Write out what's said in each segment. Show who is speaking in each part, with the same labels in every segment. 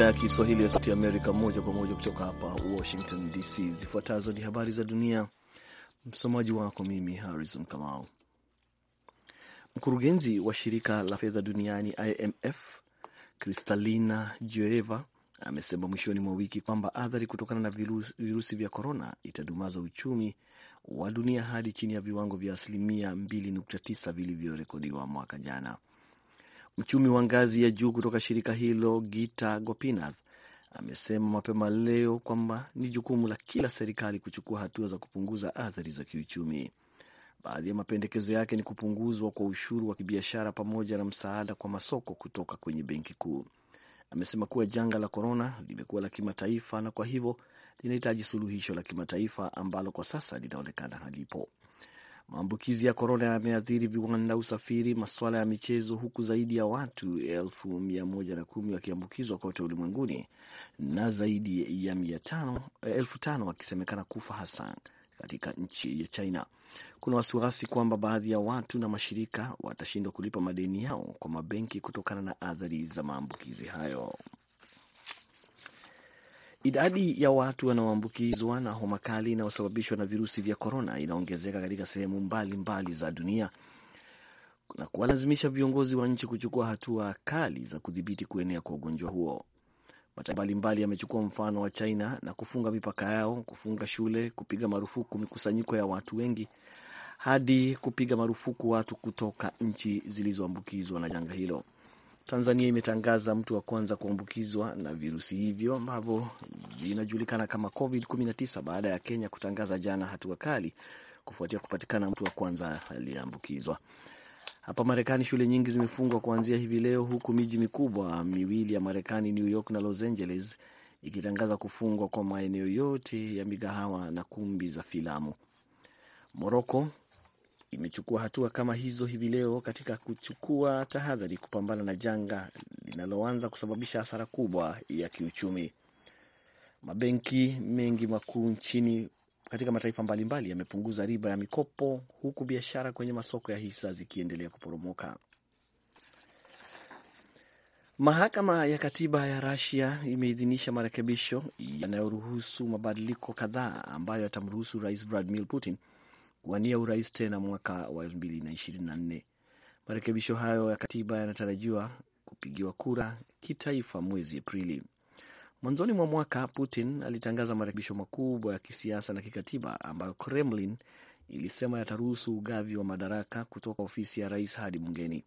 Speaker 1: idhaa ya Kiswahili ya Sauti ya Amerika, moja kwa moja kutoka hapa Washington DC. Zifuatazo ni habari za dunia, msomaji wako mimi Harrison Kamau. Mkurugenzi wa shirika la fedha duniani IMF Kristalina Georgieva amesema mwishoni mwa wiki kwamba athari kutokana na virusi, virusi vya korona itadumaza uchumi wa dunia hadi chini ya viwango vya asilimia 2.9 vilivyorekodiwa mwaka jana. Mchumi wa ngazi ya juu kutoka shirika hilo Gita Gopinath amesema mapema leo kwamba ni jukumu la kila serikali kuchukua hatua za kupunguza athari za kiuchumi. Baadhi ya mapendekezo yake ni kupunguzwa kwa ushuru wa kibiashara pamoja na msaada kwa masoko kutoka kwenye benki kuu. Amesema kuwa janga la korona limekuwa la kimataifa na kwa hivyo linahitaji suluhisho la kimataifa ambalo kwa sasa linaonekana halipo. Maambukizi ya korona yameathiri viwanda, usafiri, masuala ya michezo, huku zaidi ya watu elfu mia moja na kumi wakiambukizwa kote ulimwenguni na zaidi ya mia tano elfu tano wakisemekana kufa hasa katika nchi ya China. Kuna wasiwasi kwamba baadhi ya watu na mashirika watashindwa kulipa madeni yao kwa mabenki kutokana na athari za maambukizi hayo. Idadi ya watu wanaoambukizwa na homa kali inayosababishwa na virusi vya korona inaongezeka katika sehemu mbalimbali za dunia na kuwalazimisha viongozi wa nchi kuchukua hatua kali za kudhibiti kuenea kwa ugonjwa huo. Mataifa mbalimbali yamechukua mfano wa China na kufunga mipaka yao, kufunga shule, kupiga marufuku mikusanyiko ya watu wengi, hadi kupiga marufuku watu kutoka nchi zilizoambukizwa na janga hilo. Tanzania imetangaza mtu wa kwanza kuambukizwa na virusi hivyo ambavyo vinajulikana kama COVID-19 baada ya Kenya kutangaza jana hatua kali kufuatia kupatikana mtu wa kwanza aliyeambukizwa. Hapa Marekani shule nyingi zimefungwa kuanzia hivi leo, huku miji mikubwa miwili ya Marekani, New York na Los Angeles, ikitangaza kufungwa kwa maeneo yote ya migahawa na kumbi za filamu. Moroko imechukua hatua kama hizo hivi leo katika kuchukua tahadhari kupambana na janga linaloanza kusababisha hasara kubwa ya kiuchumi. Mabenki mengi makuu nchini katika mataifa mbalimbali yamepunguza riba ya mikopo huku biashara kwenye masoko ya hisa zikiendelea kuporomoka. Mahakama ya Katiba ya Rasia imeidhinisha marekebisho yanayoruhusu mabadiliko kadhaa ambayo yatamruhusu Rais Vladimir Putin kuwania urais tena mwaka wa 2024. Marekebisho hayo ya katiba yanatarajiwa kupigiwa kura kitaifa mwezi Aprili. Mwanzoni mwa mwaka Putin alitangaza marekebisho makubwa ya kisiasa na kikatiba ambayo Kremlin ilisema yataruhusu ugavi wa madaraka kutoka ofisi ya rais hadi bungeni.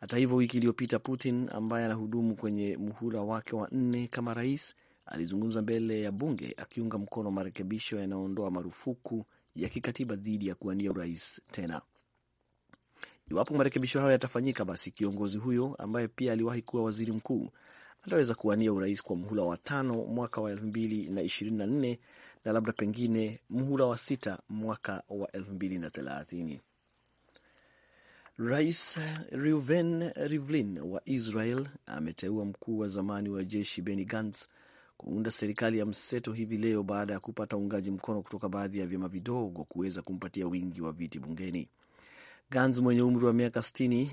Speaker 1: Hata hivyo, wiki iliyopita Putin ambaye anahudumu kwenye muhula wake wa nne kama rais alizungumza mbele ya bunge akiunga mkono marekebisho yanayoondoa marufuku ya kikatiba dhidi ya kuwania urais tena. Iwapo marekebisho hayo yatafanyika, basi kiongozi huyo ambaye pia aliwahi kuwa waziri mkuu ataweza kuwania urais kwa mhula wa tano mwaka wa mbili na labda pengine mhula wa sita mwaka wa thelathini. Rais Reuven Rivlin wa Israel ameteua mkuu wa zamani wa jeshi Benny Gantz kuunda serikali ya mseto hivi leo baada ya kupata uungaji mkono kutoka baadhi ya vyama vidogo kuweza kumpatia wingi wa viti bungeni. Gans mwenye umri wa miaka 60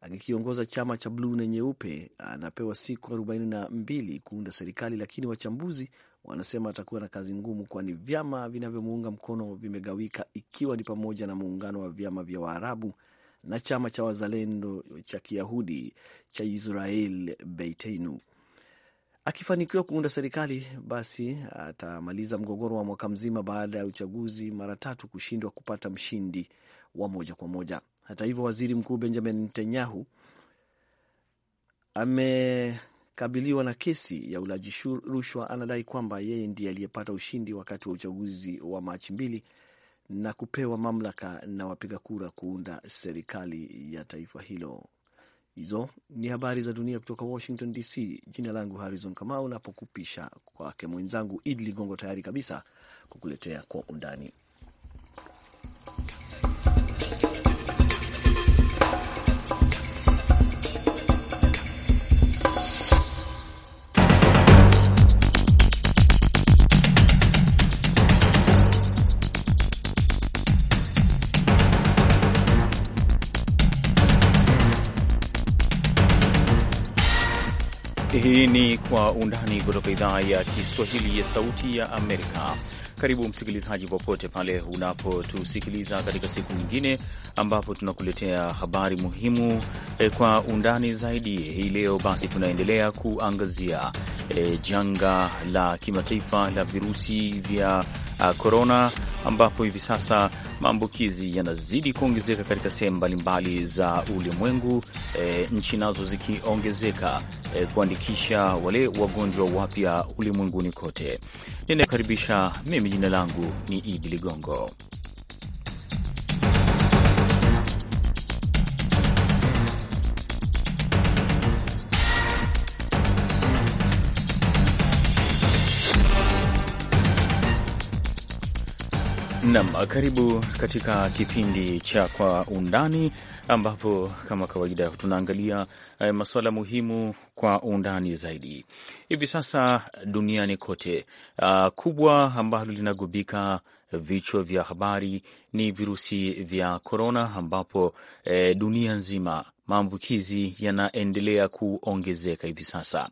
Speaker 1: akikiongoza chama cha bluu na nyeupe anapewa siku 42 kuunda serikali, lakini wachambuzi wanasema atakuwa na kazi ngumu, kwani vyama vinavyomuunga mkono vimegawika, ikiwa ni pamoja na muungano wa vyama vya Waarabu na chama cha wazalendo cha Kiyahudi cha Israel Beiteinu. Akifanikiwa kuunda serikali, basi atamaliza mgogoro wa mwaka mzima baada ya uchaguzi mara tatu kushindwa kupata mshindi wa moja kwa moja. Hata hivyo, waziri mkuu Benjamin Netanyahu amekabiliwa na kesi ya ulaji rushwa. Anadai kwamba yeye ndiye aliyepata ushindi wakati wa uchaguzi wa Machi mbili na kupewa mamlaka na wapiga kura kuunda serikali ya taifa hilo. Hizo ni habari za dunia kutoka Washington DC. Jina langu Harrison Kamau, napokupisha kwake mwenzangu Idi Ligongo, tayari kabisa kukuletea kwa undani
Speaker 2: Undani kutoka idhaa ya Kiswahili ya Sauti ya Amerika. Karibu msikilizaji, popote pale unapotusikiliza katika siku nyingine ambapo tunakuletea habari muhimu e, kwa undani zaidi. Hii leo basi tunaendelea kuangazia e, janga la kimataifa la virusi vya korona, uh, ambapo hivi sasa maambukizi yanazidi kuongezeka katika sehemu mbalimbali za ulimwengu, e, nchi nazo zikiongezeka e, kuandikisha wale wagonjwa wapya ulimwenguni kote. Ninayekaribisha mimi, jina langu ni Idi Ligongo. Nam, karibu katika kipindi cha Kwa Undani, ambapo kama kawaida tunaangalia eh, masuala muhimu kwa undani zaidi. Hivi sasa duniani kote, uh, kubwa ambalo linagubika vichwa vya habari ni virusi vya korona, ambapo eh, dunia nzima maambukizi yanaendelea kuongezeka hivi sasa.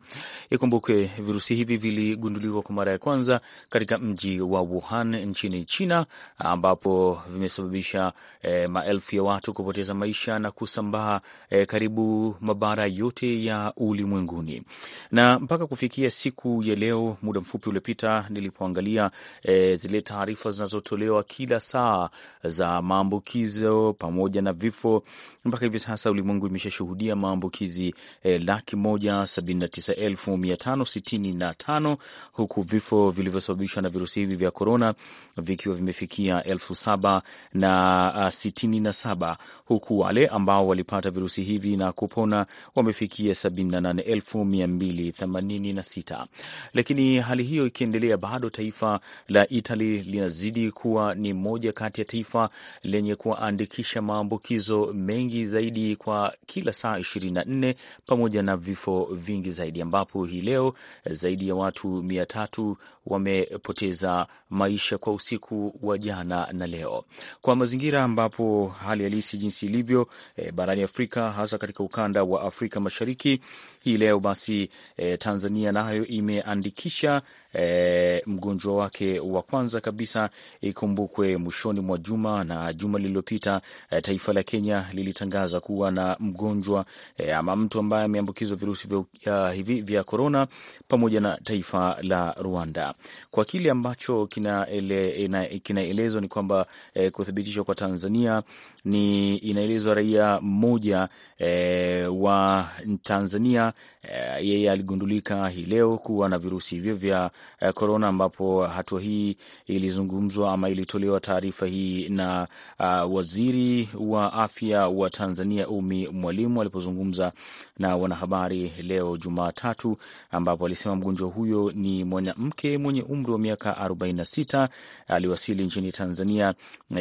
Speaker 2: Ikumbuke virusi hivi viligunduliwa kwa mara ya kwanza katika mji wa Wuhan nchini China, ambapo vimesababisha e, maelfu ya watu kupoteza maisha na kusambaa e, karibu mabara yote ya ulimwenguni. Na mpaka kufikia siku ya leo, muda mfupi uliopita, nilipoangalia e, zile taarifa zinazotolewa kila saa za maambukizo pamoja na vifo, mpaka hivi sasa ulimwengu imeshashuhudia maambukizi eh, laki moja sabini na tisa elfu mia tano sitini na tano huku vifo vilivyosababishwa na virusi hivi vya korona vikiwa vimefikia elfu saba na ah, sitini na saba huku wale ambao walipata virusi hivi na kupona wamefikia sabini na nane elfu mia mbili themanini na sita Lakini hali hiyo ikiendelea, bado taifa la Itali linazidi kuwa ni moja kati ya taifa lenye kuwaandikisha maambukizo mengi zaidi kwa kila saa 24 pamoja na vifo vingi zaidi, ambapo hii leo zaidi ya watu mia tatu wamepoteza maisha kwa usiku wa jana na leo. Kwa mazingira ambapo hali halisi jinsi ilivyo e, barani Afrika hasa katika ukanda wa Afrika Mashariki hii leo basi, e, Tanzania nayo imeandikisha e, mgonjwa wake wa kwanza kabisa. Ikumbukwe mwishoni mwa juma na juma lililopita, e, taifa la Kenya lilitangaza kuwa na mgonjwa e, ama mtu ambaye ameambukizwa virusi vya, hivi vya korona, pamoja na taifa la Rwanda. Kwa kile ambacho e, kinaelezwa ele, kina ni kwamba e, kuthibitishwa kwa Tanzania ni inaelezwa raia mmoja e, wa Tanzania e, yeye aligundulika hii leo kuwa na virusi hivyo vya korona, eh, ambapo hatua hii ilizungumzwa ama ilitolewa taarifa hii na a, ah, waziri wa afya wa Tanzania Umi Mwalimu alipozungumza na wanahabari leo Jumatatu, ambapo alisema mgonjwa huyo ni mwanamke mwenye umri wa miaka 46 aliwasili nchini Tanzania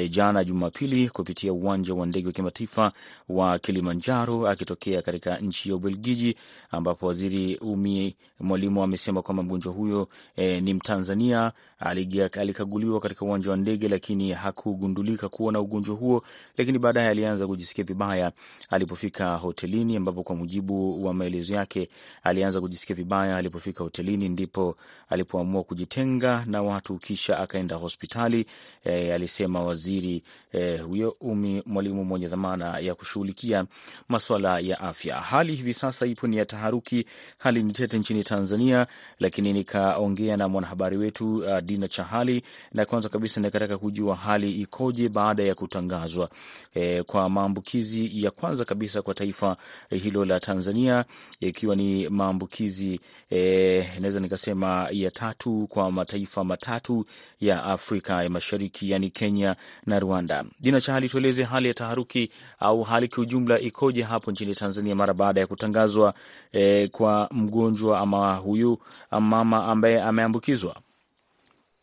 Speaker 2: jana Jumapili kupitia uwanja wa ndege wa kimataifa wa Kilimanjaro akitokea katika nchi ya Ubelgiji, ambapo waziri Umi Mwalimu amesema kwamba mgonjwa huyo e, ni Mtanzania alikaguliwa katika uwanja wa ndege, lakini hakugundulika kuwa na ugonjwa huo, lakini baadaye alianza kujisikia vibaya alipofika hotelini, ambapo kwa mujibu wa maelezo yake alianza kujisikia vibaya alipofika hotelini, ndipo alipoamua kujitenga na watu, kisha akaenda hospitali e, alisema waziri e, huyo Umi Mwalimu mwenye dhamana ya kushughulikia masuala ya afya. Hali hivi sasa ipo ni ya taharuki, hali ni tete nchini Tanzania, lakini nikaongea na mwanahabari wetu uh, Dina Chahali, na kwanza kabisa nikataka kujua hali ikoje baada ya kutangazwa e, kwa maambukizi ya kwanza kabisa kwa taifa hilo la Tanzania, ikiwa ni maambukizi e, naweza nikasema ya tatu kwa mataifa matatu ya Afrika ya Mashariki, yani Kenya na Rwanda. Dina Chahali, tueleze hali ya taharuki au hali kiujumla ikoje hapo nchini Tanzania mara baada ya kutangazwa e, kwa mgonjwa ama huyu mama ambaye ameambukizwa?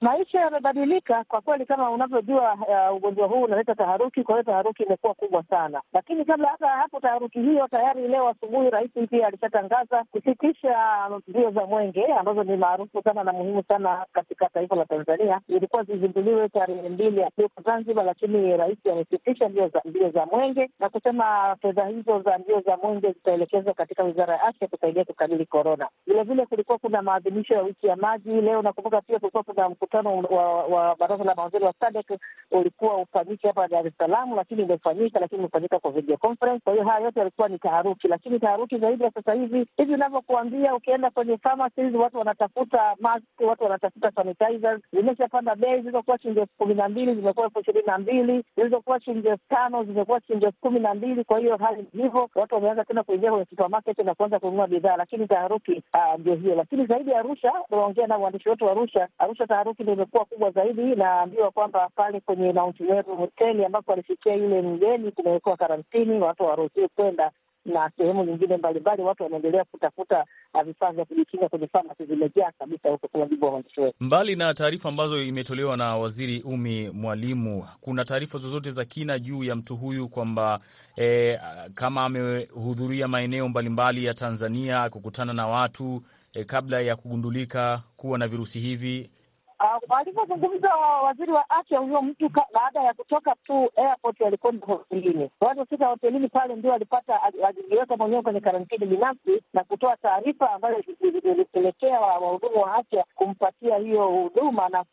Speaker 3: Maisha yamebadilika kwa kweli, kama unavyojua, uh, ugonjwa huu unaleta taharuki. Kwa hiyo taharuki imekuwa kubwa sana, lakini kabla hata hapo taharuki hiyo, tayari leo asubuhi rais pia alishatangaza kusitisha mbio za mwenge ambazo ni maarufu sana na muhimu sana katika taifa la Tanzania. Ilikuwa zizinduliwe tarehe mbili ya Zanzibar, lakini rais amesitisha mbio za mbio za mwenge na kusema fedha hizo za mbio za mwenge zitaelekezwa katika wizara ya afya kusaidia kukabili korona. Vilevile kulikuwa kuna maadhimisho ya wiki ya maji leo. Nakumbuka pia kulikuwa kuna mkutano wa, wa baraza la mawaziri wa SADC ulikuwa ufanyike hapa Dar es Salaam, lakini umefanyika, lakini umefanyika kwa video conference. Kwa hiyo haya yote yalikuwa ni taharuki, lakini taharuki zaidi ya sasa hivi hivi unavyokuambia, ukienda kwenye pharmacies watu wanatafuta mask, watu wanatafuta sanitizers. Zimeshapanda bei, zilizokuwa shilingi elfu kumi na mbili zimekuwa elfu ishirini na mbili zilizokuwa shilingi elfu tano zimekuwa shilingi elfu kumi na mbili Kwa hiyo hali hivyo, watu wameanza tena kuingia kwenye supermarket na kuanza kununua bidhaa, lakini taharuki ah, ndio hiyo. Lakini zaidi ya Arusha, tunaongea na waandishi wetu wa Arusha, Arusha taharuki taharuki ndo imekuwa kubwa zaidi. Naambiwa kwamba pale kwenye Mount Meru hoteli ambapo alifikia yule mgeni kumewekewa karantini, watu hawaruhusiwi kwenda, na sehemu nyingine mbalimbali watu wanaendelea kutafuta
Speaker 4: ah, vifaa vya kujikinga kwenye famasi, zimejaa kabisa huko, kwa mujibu wa waandishi
Speaker 2: wetu. Mbali na taarifa ambazo imetolewa na Waziri Umi Mwalimu, kuna taarifa zozote za kina juu ya mtu huyu kwamba e, kama amehudhuria maeneo mbalimbali ya Tanzania kukutana na watu e, kabla ya kugundulika kuwa na virusi hivi
Speaker 3: Ah, Walivyozungumza waziri wa afya huyo mtu baada ya kutoka tu airport, walikwenda hotelini. Waliofika hotelini pale ndio walipata, alijiweka mwenyewe kwenye karantini binafsi na kutoa taarifa ambayo ilipelekea wahudumu wa afya kumpatia hiyo huduma na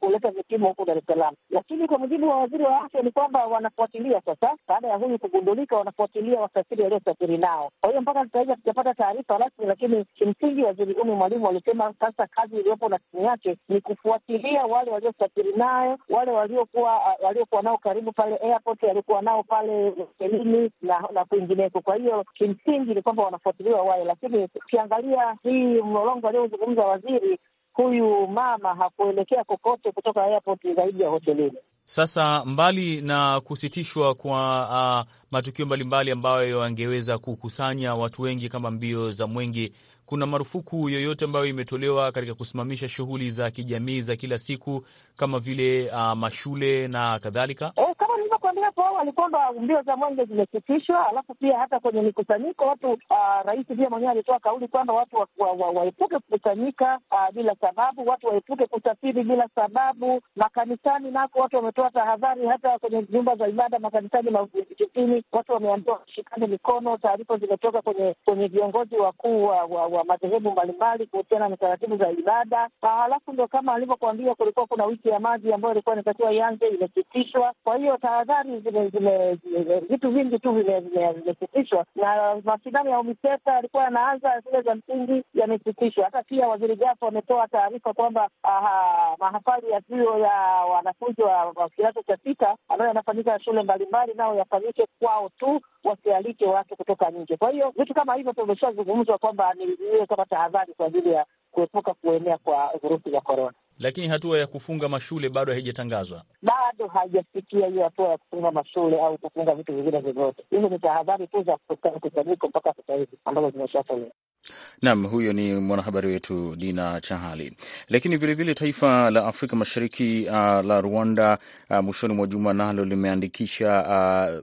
Speaker 3: kuleta vipimo huku Dar es Salaam. Lakini kwa mujibu wa waziri wa afya ni kwamba wanafuatilia sasa, baada ya huyu kugundulika, wanafuatilia wasafiri waliosafiri nao. Kwa hiyo mpaka sasa hivi hatujapata taarifa rasmi, lakini kimsingi waziri Umi Mwalimu walisema sasa kazi iliyopo na timu yake ni kufuatilia wale waliosafiri nayo, wale waliokuwa uh, waliokuwa nao karibu pale airport, waliokuwa nao pale hotelini na na kwingineko. Kwa hiyo kimsingi ni kwamba wanafuatiliwa wale, lakini ukiangalia hii mlolongo aliozungumza waziri huyu mama hakuelekea kokote
Speaker 4: kutoka airport zaidi ya hotelini.
Speaker 2: Sasa mbali na kusitishwa kwa uh, matukio mbalimbali ambayo yangeweza kukusanya watu wengi kama mbio za Mwenge, kuna marufuku yoyote ambayo imetolewa katika kusimamisha shughuli za kijamii za kila siku kama vile uh, mashule na kadhalika?
Speaker 3: Eh, hapo walikuwa ndo mbio za mwenge zimesitishwa, alafu pia hata kwenye mikusanyiko watu, ah, rais pia mwenyewe alitoa kauli kwamba watu waepuke wa, wa, kukusanyika ah, bila sababu, watu waepuke kusafiri bila sababu. Makanisani nako watu wametoa tahadhari, hata kwenye nyumba za ibada makanisani mavichukini watu wameambiwa washikane mikono. Taarifa zimetoka kwenye kwenye viongozi wakuu wa, wa, wa madhehebu mbalimbali kuhusiana na taratibu za ibada. Halafu ah, ndo kama alivyokuambia, kulikuwa kuna wiki ya maji ambayo ilikuwa inatakiwa ianze, imesitishwa. Kwa hiyo tahadhari zile zile vitu vingi tu vimesitishwa, na mashindano ya UMISETA yalikuwa yanaanza, zile za msingi yamesitishwa. Hata pia waziri Jafo ametoa taarifa kwamba mahafali ya vio ya wanafunzi wa kidato cha sita ambayo yanafanyika shule mbalimbali, nao yafanyike kwao tu, wasialike watu kutoka nje. Kwa hiyo vitu kama hivyo vimeshazungumzwa kwamba ni iwe kama tahadhari kwa ajili ya kuepuka kuenea kwa virusi vya korona
Speaker 2: lakini hatua ya kufunga mashule bado haijatangazwa,
Speaker 3: bado haijafikia hiyo hatua ya kufunga mashule au kufunga vitu vingine vyovyote. Hizo ni tahadhari tu za kusanyiko mpaka sasa hivi ambazo zimeshatolewa.
Speaker 2: Naam, huyo ni mwanahabari wetu Dina Chahali. Lakini vilevile vile taifa la Afrika Mashariki uh, la Rwanda uh, mwishoni mwa juma nalo limeandikisha uh,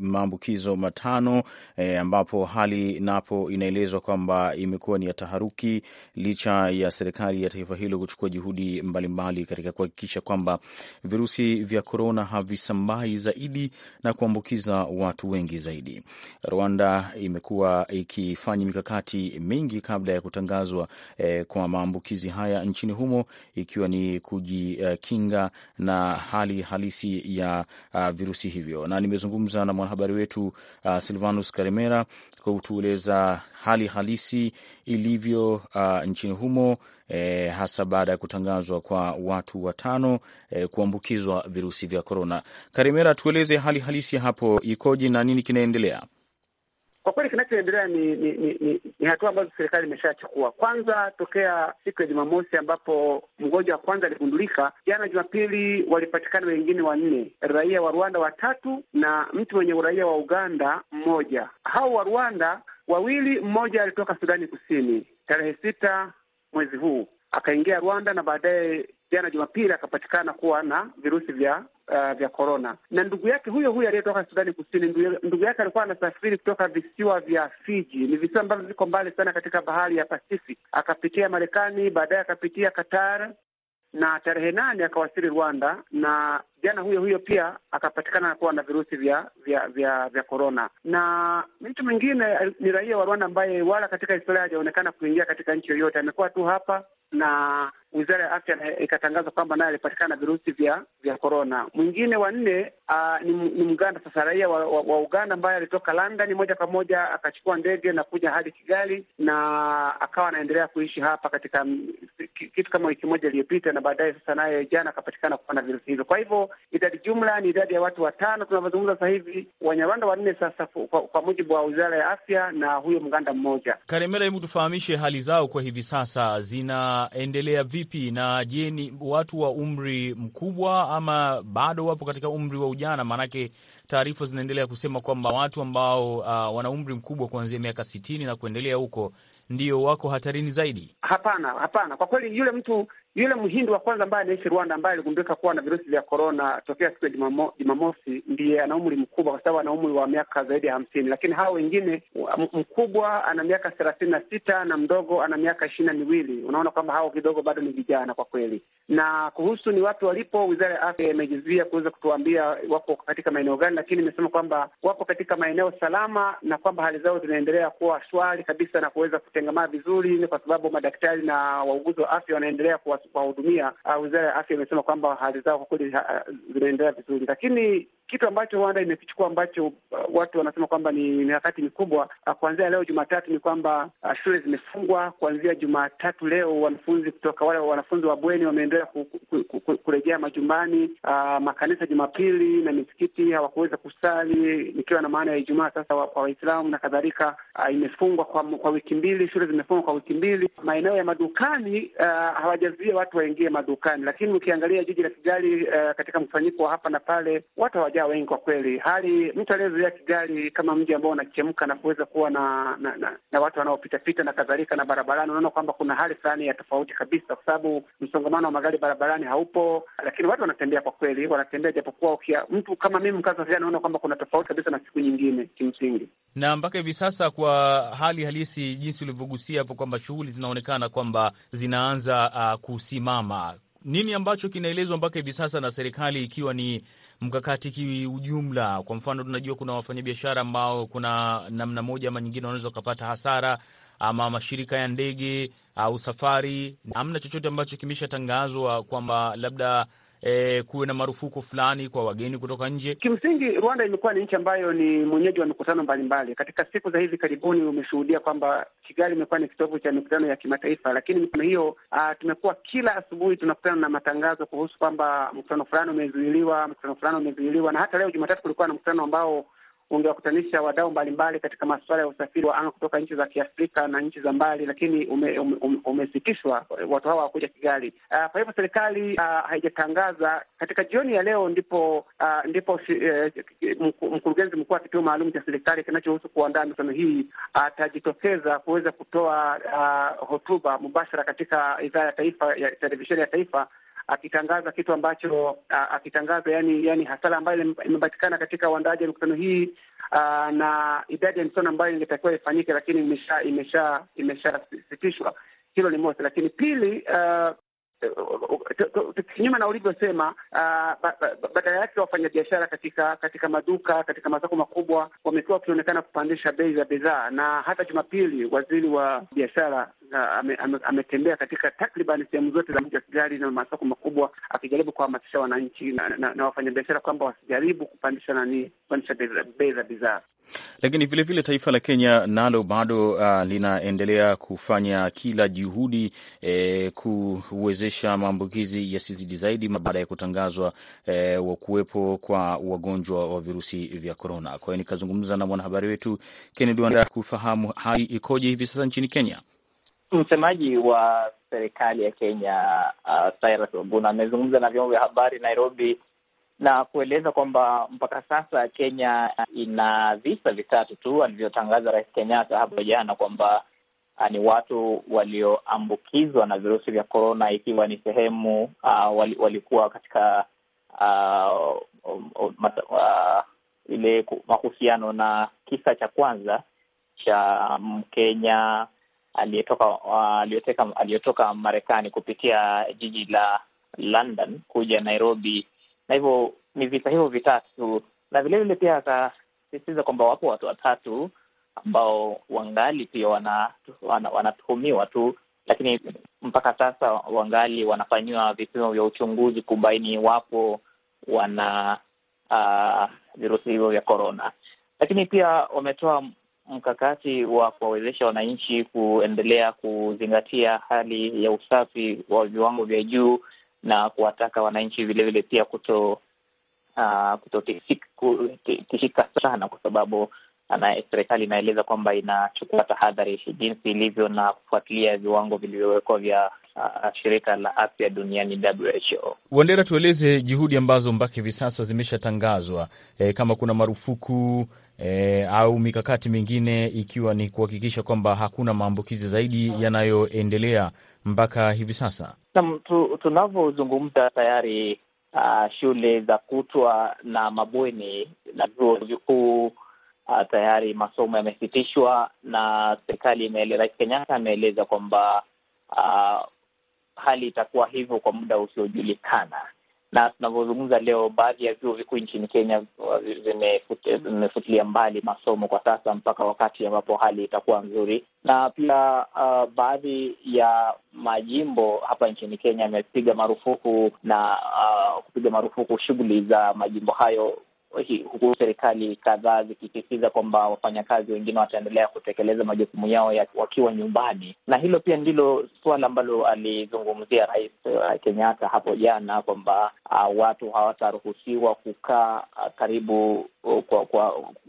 Speaker 2: maambukizo matano e, ambapo hali napo inaelezwa kwamba imekuwa ni ya taharuki, licha ya serikali ya taifa hilo kuchukua juhudi mbalimbali katika kuhakikisha kwamba virusi vya korona havisambai zaidi na kuambukiza watu wengi zaidi. Rwanda imekuwa ikifanya mikakati mingi kabla ya kutangazwa e, kwa maambukizi haya nchini humo ikiwa ni kujikinga eh, na hali halisi ya a, ah, virusi hivyo na nimezungumza na mwanahabari wetu uh, Silvanus Karemera kutueleza hali halisi ilivyo uh, nchini humo eh, hasa baada ya kutangazwa kwa watu watano eh, kuambukizwa virusi vya korona. Karemera, tueleze hali halisi hapo ikoje na nini kinaendelea?
Speaker 4: Kwa kweli kinachoendelea ni ni, ni, ni, ni hatua ambazo serikali imeshachukua. Kwanza tokea siku ya Jumamosi ambapo mgonjwa wa kwanza aligundulika, jana Jumapili walipatikana wengine wanne, raia wa Rwanda watatu
Speaker 3: na mtu mwenye
Speaker 4: uraia wa Uganda mmoja. Hao wa Rwanda wawili, mmoja alitoka Sudani Kusini tarehe sita mwezi huu akaingia Rwanda na baadaye jana Jumapili akapatikana kuwa na virusi vya uh, vya korona, na ndugu yake huyo huyo aliyetoka Sudani Kusini, ndugu, ndugu yake alikuwa anasafiri kutoka visiwa vya Fiji. Ni visiwa ambavyo viko mbali sana katika bahari ya pasifik Akapitia Marekani, baadaye akapitia Qatar na tarehe nane akawasili Rwanda na kijana huyo huyo pia akapatikana kuwa na virusi vya vya vya vya korona, na mtu mwingine eh, ni raia wa Rwanda ambaye wala katika historia hajaonekana kuingia katika nchi yoyote, amekuwa tu hapa na wizara ya afya ikatangaza kwamba naye alipatikana na virusi vya vya korona. Mwingine wa nne ah, ni, ni Mganda sasa, raia wa, wa, wa Uganda ambaye alitoka London moja kwa moja akachukua ndege na kuja hadi Kigali na akawa anaendelea kuishi hapa katika kitu kama wiki moja iliyopita, na baadaye sasa naye jana akapatikana kuwa na virusi hivyo. Kwa hivyo idadi jumla ni idadi ya watu watano tunavyozungumza sasa hivi, Wanyarwanda wanne sasa, kwa, kwa mujibu wa wizara ya afya na huyo mganda mmoja.
Speaker 2: Karemera, hebu tufahamishe hali zao kwa hivi sasa zinaendelea vipi? Na je, ni watu wa umri mkubwa ama bado wapo katika umri wa ujana? Maanake taarifa zinaendelea kusema kwamba watu ambao uh, wana umri mkubwa kuanzia miaka sitini na kuendelea huko ndio wako hatarini zaidi.
Speaker 4: Hapana, hapana. Kwa kweli yule mtu yule mhindi wa kwanza ambaye anaishi Rwanda, ambaye aligundulika kuwa na virusi vya korona tokea siku ya Jumamosi, ndiye ana umri mkubwa, kwa sababu ana umri wa miaka zaidi ya hamsini. Lakini hao wengine, mkubwa ana miaka thelathini na sita na mdogo ana miaka ishirini na miwili. Unaona kwamba hao kidogo bado ni vijana kwa kweli. Na kuhusu ni watu walipo, wizara ya afya imejizuia kuweza kutuambia wako katika maeneo gani, lakini imesema kwamba wako katika maeneo salama na kwamba hali zao zinaendelea kuwa shwari kabisa na kuweza kutengamaa vizuri, kwa sababu madaktari madaktari na wauguzi wa afya wanaendelea kuwahudumia. Ah, wizara ya afya imesema kwamba hali zao kwa kweli zinaendelea vizuri, lakini kitu ambacho Rwanda imekichukua ambacho uh, watu wanasema kwamba ni mikakati mikubwa. Uh, kuanzia leo Jumatatu ni kwamba uh, shule zimefungwa kuanzia Jumatatu leo. Wanafunzi kutoka wale wanafunzi wa bweni wameendelea kurejea majumbani. Makanisa Jumapili na misikiti hawakuweza kusali, ikiwa na maana ya Ijumaa sasa kwa Waislamu na kadhalika imefungwa kwa, kwa wiki mbili. Shule zimefungwa kwa wiki mbili. Maeneo ya madukani hawajazuia watu waingie madukani, lakini ukiangalia jiji la Kigali katika mkusanyiko wa hapa na pale watu wajaa wengi kwa kweli. Hali mtu aliyezoea Kigali kama mji ambao unachemka na kuweza kuwa na na, na, na watu wanaopitapita na kadhalika na barabarani, unaona kwamba kuna hali fulani ya tofauti kabisa, kwa sababu msongamano wa magari barabarani haupo, lakini watu wanatembea kwa kweli, wanatembea japokuwa ukia, mtu kama mimi mkaza, naona kwamba kuna tofauti kabisa na siku nyingine kimsingi.
Speaker 2: Na mpaka hivi sasa kwa hali halisi jinsi ulivyogusia hapo kwamba shughuli zinaonekana kwamba zinaanza uh, kusimama, nini ambacho kinaelezwa mpaka hivi sasa na serikali ikiwa ni mkakati kiujumla? Kwa mfano, tunajua kuna wafanyabiashara ambao kuna namna moja ama nyingine wanaweza wakapata hasara, ama mashirika ya ndege au safari. Hamna chochote ambacho kimeshatangazwa kwamba labda e, kuwe na marufuku fulani kwa wageni kutoka nje.
Speaker 4: Kimsingi, Rwanda imekuwa ni nchi ambayo ni mwenyeji wa mikutano mbalimbali. Katika siku za hivi karibuni umeshuhudia kwamba Kigali imekuwa ni kitovu cha mikutano ya kimataifa, lakini mikutano hiyo uh, tumekuwa kila asubuhi tunakutana na matangazo kuhusu kwamba mkutano fulani umezuiliwa, mkutano fulani umezuiliwa, na hata leo Jumatatu kulikuwa na mkutano ambao ungewakutanisha wadau mbalimbali katika masuala ya usafiri wa anga kutoka nchi za Kiafrika na nchi za mbali, lakini ume, ume, ume, umesitishwa. Watu hawa hawakuja Kigali. Uh, kwa hivyo serikali uh, haijatangaza. Katika jioni ya leo ndipo uh, ndipo uh, mkurugenzi mkuu wa kituo maalum cha serikali kinachohusu kuandaa mikutano hii atajitokeza uh, kuweza kutoa uh, hotuba mubashara katika idhaa ya taifa ya televisheni ya taifa akitangaza kitu ambacho akitangaza yani, yani hasara ambayo imepatikana katika uandaaji wa mikutano hii uh, na idadi ya mikutano ambayo ingetakiwa ifanyike, lakini imesha imesha imeshasitishwa. Hilo ni mosi, lakini pili, uh, kinyume na ulivyosema, uh, badala yake wafanyabiashara katika katika maduka katika masoko makubwa wamekuwa wakionekana kupandisha bei za bidhaa, na hata Jumapili waziri wa biashara uh, ametembea katika takriban sehemu zote za mji wa Kigali na masoko makubwa akijaribu kuhamasisha wananchi na wafanyabiashara kwamba wasijaribu kupandisha nani, kupandisha bei za bidhaa.
Speaker 2: Lakini vilevile taifa la Kenya nalo bado uh, linaendelea kufanya kila juhudi eh, kuwezesha kuwezesha maambukizi yasizidi zaidi baada ya kutangazwa e, kuwepo kwa wagonjwa wa virusi vya korona. Kwa hiyo nikazungumza na mwanahabari wetu Kennedy Wanda kufahamu hali ikoje hivi sasa nchini Kenya.
Speaker 5: Msemaji wa serikali ya Kenya uh, Oguna amezungumza na vyombo vya habari Nairobi na kueleza kwamba mpaka sasa Kenya ina visa vitatu tu alivyotangaza Rais Kenyatta hapo jana kwamba Ah, ni watu walioambukizwa na virusi vya korona, ikiwa ni sehemu uh, wali, walikuwa katika ah, uh, um, um, mata, uh, ile mahusiano na kisa cha kwanza cha Mkenya aliyetoka uh, aliyotoka Marekani kupitia jiji la London kuja Nairobi, na hivyo ni visa hivyo vitatu, na vilevile pia akasisitiza kwamba wapo watu watatu ambao wangali pia wanatuhumiwa wana, wana tu, lakini mpaka sasa wangali wanafanyiwa vipimo vya uchunguzi kubaini iwapo wana uh, virusi hivyo vya korona. Lakini pia wametoa mkakati wa kuwawezesha wananchi kuendelea kuzingatia hali ya usafi wa viwango vya juu na kuwataka wananchi vilevile pia kutotishika uh, kutotishika sana, kwa sababu na serikali inaeleza kwamba inachukua tahadhari jinsi ilivyo na kufuatilia viwango vilivyowekwa vya uh, shirika la afya duniani WHO.
Speaker 2: Wandera, tueleze juhudi ambazo mpaka hivi sasa zimeshatangazwa, e, kama kuna marufuku e, au mikakati mingine ikiwa ni kuhakikisha kwamba hakuna maambukizi zaidi yanayoendelea mpaka hivi sasa.
Speaker 5: Tu, tunavyozungumza tayari uh, shule za kutwa na mabweni na vyuo vikuu uh, tayari masomo yamesitishwa na serikali. Rais Kenyatta ameeleza kwamba uh, hali itakuwa hivyo kwa muda usiojulikana, na tunavyozungumza leo, baadhi ya vyuo vikuu nchini Kenya vimefutilia ah, mbali masomo kwa sasa mpaka wakati ambapo hali itakuwa nzuri,
Speaker 6: na pia uh,
Speaker 5: baadhi ya majimbo hapa nchini Kenya yamepiga marufuku na uh, kupiga marufuku shughuli za majimbo hayo huku serikali kadhaa zikisisitiza kwamba wafanyakazi wengine wataendelea kutekeleza majukumu yao ya wakiwa nyumbani, na hilo pia ndilo suala ambalo alizungumzia Rais uh, Kenyatta hapo jana kwamba uh, watu hawataruhusiwa kukaa uh, karibu kwa kwa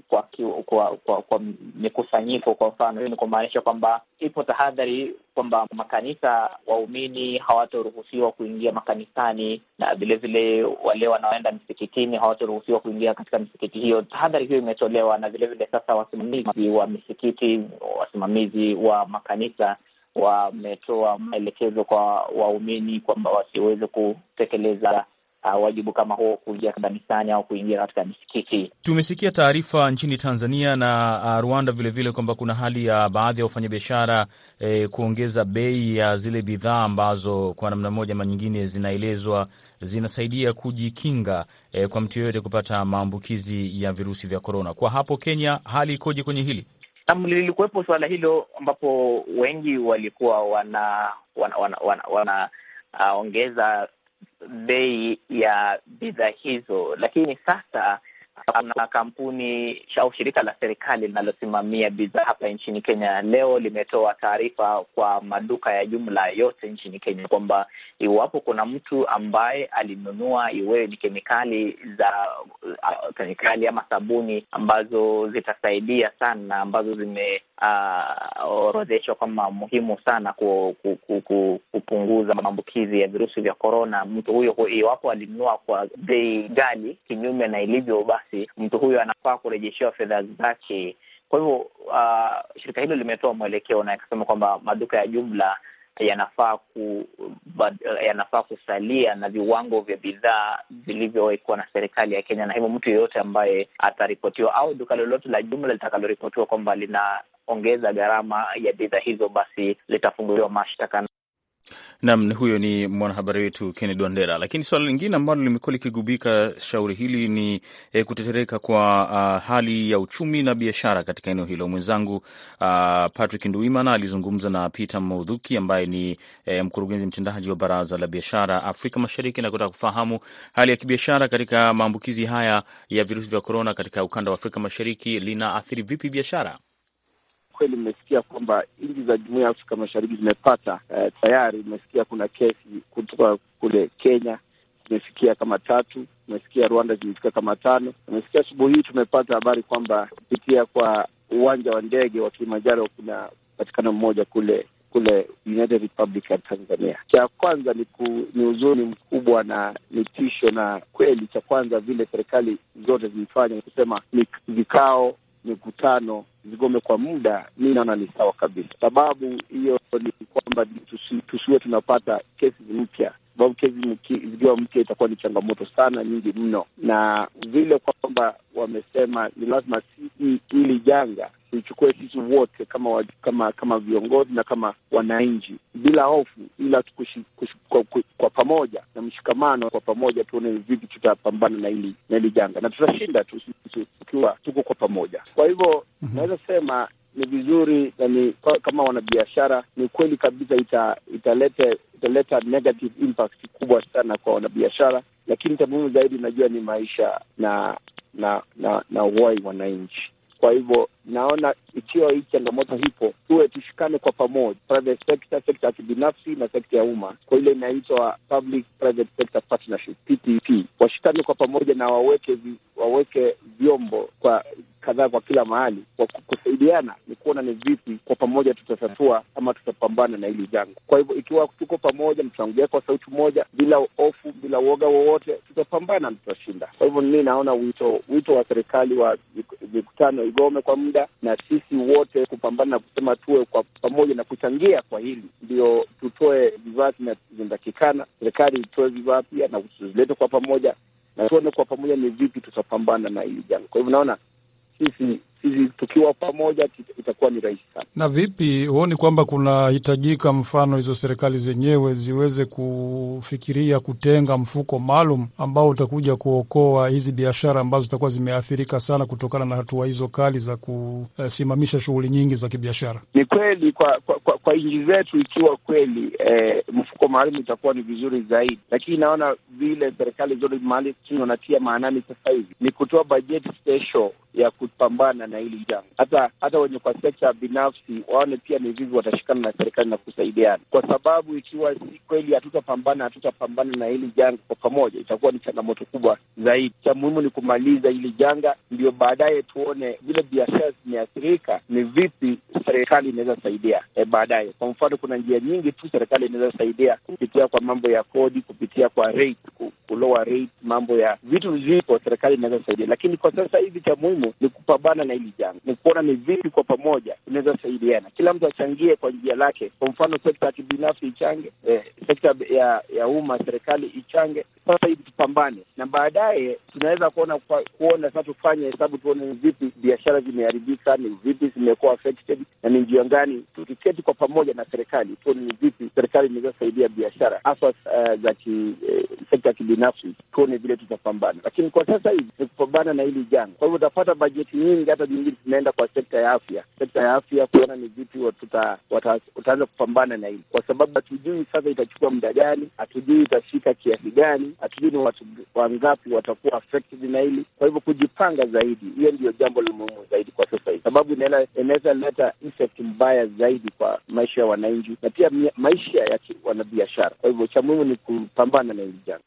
Speaker 5: kwa kwa kwa, kwa mikusanyiko kwa mfano. Hii ni kumaanisha kwamba ipo tahadhari kwamba makanisa, waumini hawatoruhusiwa kuingia makanisani, na vilevile wale wanaoenda misikitini hawatoruhusiwa kuingia katika misikiti hiyo. Tahadhari hiyo imetolewa, na vilevile sasa wasimamizi wa misikiti, wasimamizi wa makanisa wametoa maelekezo kwa waumini kwamba wasiweze kutekeleza uh, wajibu kama huo kuingia kanisani au kuingia katika misikiti.
Speaker 2: Tumesikia taarifa nchini Tanzania na uh, Rwanda vilevile kwamba kuna hali ya baadhi ya wafanyabiashara eh, kuongeza bei ya zile bidhaa ambazo kwa namna moja ama nyingine zinaelezwa zinasaidia kujikinga eh, kwa mtu yoyote kupata maambukizi ya virusi vya korona. Kwa hapo Kenya hali ikoje kwenye hili?
Speaker 5: Naam, lilikuwepo suala hilo ambapo wengi walikuwa wana wana wana, wana, wana uh, bei ya bidhaa hizo, lakini sasa kuna kampuni au shirika la serikali linalosimamia bidhaa hapa nchini Kenya leo limetoa taarifa kwa maduka ya jumla yote nchini Kenya kwamba iwapo kuna mtu ambaye alinunua iwewe ni kemikali za uh, kemikali ama sabuni ambazo zitasaidia sana, ambazo zime Uh, orodheshwa uh, kama muhimu sana ku, ku, ku, ku, kupunguza maambukizi ya virusi vya korona. Mtu huyo iwapo alinunua kwa bei ghali kinyume na ilivyo, basi mtu huyo anafaa kurejeshewa fedha zake. Kwa hivyo uh, shirika hilo limetoa mwelekeo na ikasema kwamba maduka ya jumla yanafaa ku, yanafaa kusalia na viwango vya bidhaa vilivyowekwa na serikali ya Kenya, na hivyo mtu yeyote ambaye ataripotiwa au duka lolote la jumla litakaloripotiwa kwamba lina ongeza gharama ya bidhaa hizo, basi
Speaker 2: litafunguliwa mashtaka. Nam, huyo ni mwanahabari wetu Kennedy Wandera. Lakini suala lingine ambalo limekuwa likigubika shauri hili ni e, kutetereka kwa uh, hali ya uchumi na biashara katika eneo hilo. Mwenzangu uh, Patrick Nduimana alizungumza na Peter Maudhuki ambaye ni e, mkurugenzi mtendaji wa Baraza la Biashara Afrika Mashariki na kutaka kufahamu hali ya kibiashara katika maambukizi haya ya virusi vya korona katika ukanda wa Afrika Mashariki linaathiri vipi biashara
Speaker 6: kweli mmesikia kwamba nchi za jumuiya ya Afrika Mashariki zimepata eh, tayari. Umesikia kuna kesi kutoka kule Kenya zimefikia kama tatu, umesikia Rwanda zimefikia kama tano. Umesikia asubuhi hii tumepata habari kwamba kupitia kwa uwanja wa ndege wa Kilimanjaro kuna patikano mmoja kule kule United Republic ya Tanzania. Cha kwanza ni, ku, ni uzuni mkubwa na ni tisho, na kweli cha kwanza vile serikali zote zimefanya ni kusema ni vikao mikutano zigome kwa muda, mi naona ni sawa kabisa. Sababu hiyo ni kwamba tusiwe tunapata kesi mpya sababu kesi zikiwa mpya itakuwa ni changamoto sana nyingi mno, na vile kwamba wamesema ni lazima hili janga tuichukue sisi wote kama wa, kama kama viongozi na kama wananchi bila hofu, ila kwa, kwa pamoja na mshikamano, kwa pamoja tuone vipi tutapambana na hili na hili janga, na tutashinda tu tukiwa tuko kwa pamoja. Kwa hivyo mm -hmm. naweza sema ni vizuri na ni kama wanabiashara, ni kweli kabisa ita, italete, italeta negative impact kubwa sana kwa wanabiashara, lakini tamuhimu zaidi najua ni maisha na na na, na uhai wananchi. Kwa hivyo naona ikiwa hii changamoto hipo, tuwe tushikane kwa pamoja, private sector, sekta ya kibinafsi na sekta ya umma, kwa ile inaitwa public private sector partnership PPP, washikane kwa pamoja na waweke waweke vyombo kwa kadhaa kwa kila mahali, kwa kusaidiana ni kuona ni vipi kwa pamoja tutatatua ama tutapambana na hili janga. Kwa hivyo, ikiwa tuko pamoja, mtaongea kwa sauti moja, bila hofu, bila uoga wowote, tutapambana, tutashinda. Kwa hivyo, mi naona wito wito wa serikali wa mikutano igome kwa muda, na sisi wote kupambana na kusema tuwe kwa pamoja na kuchangia kwa hili, ndio tutoe vifaa zinatakikana, serikali itoe vifaa pia na zilete kwa pamoja na tuone kwa pamoja ni vipi tutapambana na hili janga. Kwa hivyo naona sisi sisi tukiwa pamoja itakuwa ni rahisi sana.
Speaker 4: Na vipi, huoni kwamba kunahitajika mfano hizo serikali zenyewe ziweze kufikiria kutenga mfuko maalum ambao utakuja kuokoa hizi biashara ambazo zitakuwa zimeathirika sana kutokana na hatua hizo kali za kusimamisha eh, shughuli nyingi za kibiashara?
Speaker 6: Ni kweli kwa, kwa, kwa nchi zetu, ikiwa kweli eh, mfuko maalum itakuwa ni vizuri zaidi, lakini naona vile serikali zote mahali chini wanatia maanani sasa hivi ni kutoa bajeti spesho ya kupambana na hili janga Hata hata wenye kwa sekta binafsi waone pia ni vivi watashikana na serikali na kusaidiana, kwa sababu ikiwa si kweli hatutapambana hatutapambana na hili janga kwa pamoja, itakuwa ni changamoto kubwa zaidi. Cha muhimu ni kumaliza hili janga, ndio baadaye tuone vile biashara zimeathirika, ni vipi serikali inaweza saidia e baadaye baadaye. Kwa mfano, kuna njia nyingi tu serikali inaweza saidia kupitia kwa mambo ya kodi, kupitia kwa rate, kulowa rate, mambo ya vitu vipo serikali inaweza saidia, lakini kwa sasa hivi cha muhimu ni kupambana na hili janga, ni kuona ni vipi kwa pamoja inaweza saidiana, kila mtu achangie kwa njia lake. Kwa mfano, sekta ya kibinafsi ichange, eh, sekta ya ya umma serikali ichange. Sasa hivi tupambane, na baadaye tunaweza kuona kuona sasa, tufanye hesabu tuone ni vipi biashara zimeharibika, ni vipi zimekuwa affected na ni njia gani, tukiketi kwa pamoja na serikali tuone ni vipi serikali inaweza saidia biashara hasa uh, eh, za ki, eh, sekta ya kibinafsi, tuone vile tutapambana, lakini kwa sasa hivi ni kupambana na hili janga. Kwa hivyo utapata bajeti nyingi, hata nyingine zinaenda kwa sekta ya afya, sekta ya afya kuona ni vipi utaanza kupambana na hili, kwa sababu hatujui sasa itachukua muda gani, hatujui itashika kiasi gani, hatujui ni watu wangapi watakuwa affected na hili. Kwa hivyo kujipanga zaidi, hiyo ndio jambo la muhimu zaidi kwa sasa hivi, sababu inaweza leta effect mbaya zaidi kwa maisha ya wananchi na pia maisha ya wanabiashara. Kwa hivyo cha muhimu ni kupambana na hili janga.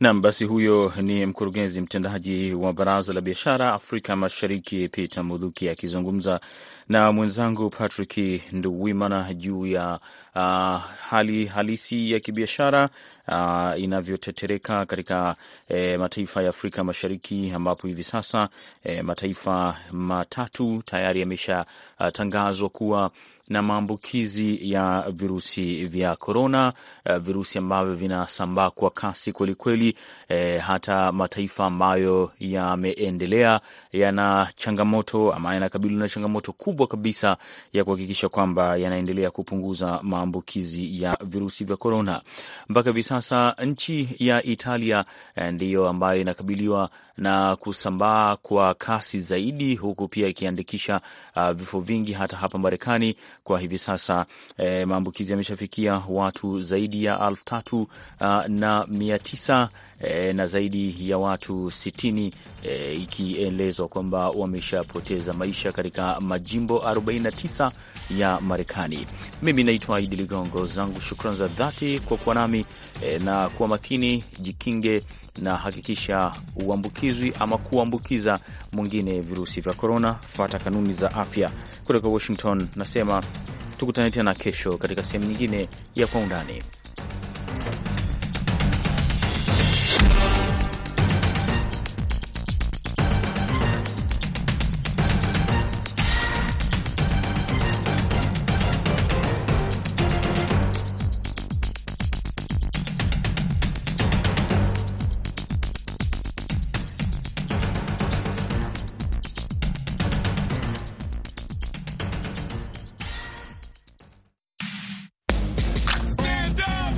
Speaker 2: Nam, basi huyo ni mkurugenzi mtendaji wa Baraza la Biashara Afrika Mashariki, Peter Mudhuki akizungumza na mwenzangu Patrick Nduwimana juu ya uh, hali halisi ya kibiashara uh, inavyotetereka katika eh, mataifa ya Afrika Mashariki, ambapo hivi sasa eh, mataifa matatu tayari yameshatangazwa ah, uh, kuwa na maambukizi ya virusi vya korona, eh, virusi ambavyo vinasambaa kwa kasi kwelikweli. E, eh, hata mataifa ambayo yameendelea yana changamoto ama yanakabiliwa na changamoto kubwa kabisa ya kuhakikisha kwamba yanaendelea kupunguza maambukizi ya virusi vya korona. Mpaka hivi sasa nchi ya Italia eh, ndiyo ambayo inakabiliwa na kusambaa kwa kasi zaidi, huku pia ikiandikisha uh, vifo vingi hata hapa Marekani. Kwa hivi sasa eh, maambukizi yameshafikia watu zaidi ya elfu tatu uh, na mia tisa e, na zaidi ya watu sitini e, ikielezwa kwamba wameshapoteza maisha katika majimbo 49 ya Marekani. Mimi naitwa Idi Ligongo, zangu shukran za dhati kwa kuwa nami e, na kuwa makini, jikinge na hakikisha uambukizwi ama kuambukiza mwingine virusi vya korona. Fata kanuni za afya. Kutoka Washington nasema tukutane tena kesho katika sehemu nyingine ya Kwa Undani.